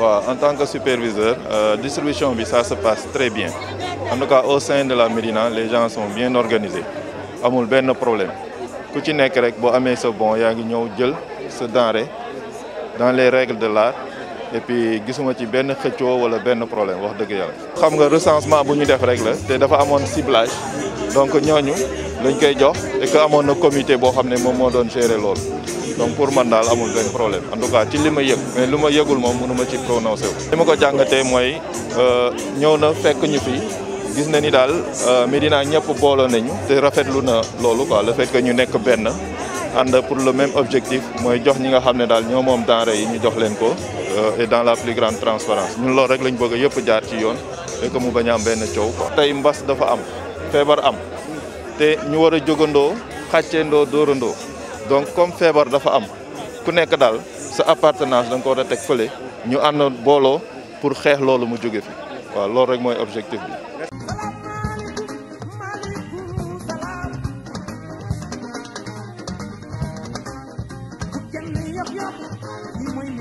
waaw en tant que superviseur euh, distribution bi sa se passe très bien en tout cas au sein de la Médina les gens sont bien organisés amul benn problème ku ci nekk rek boo amee sa bon yaa ngi ñëw jël sa denrée dans les règles de l'art et puis gisuma ci benn xëccoo wala benn problème wax dëgg yàlla. xam nga recensement bu ñu def rek la te dafa amoon ciblage donc ñooñu. lañ koy jox et que amoon na comité boo xam ne moom moo doon gérer loolu donc pour man daal amul benn en tout cas ci li ma mais lu ma yëgul moom mënu ma ci prononcé ma ko jàngatee mooy euh, ñëw na fekk ñu fi gis na ni daal euh, Médina ñëpp booloo nañu te rafetlu na loolu quoi le fait ñu nekk benn ànd pour le même objectif mooy jox ñi nga xam ne daal ñoo moom denrée yi ñu jox leen ko euh, dans la plus grande ñun loolu rek lañ bëgg yëpp jaar ci yoon mu bañ a am benn coow quoi. tey mbas dafa am feebar am. te ñu war a jógandoo xàcceendoo doorandoo donc comme feebar dafa am ku nekk daal sa appartenance dañ ko war a teg fële ñu ànd booloo pour xeex loolu mu jóge fi waaw loolu rek mooy objectif bi.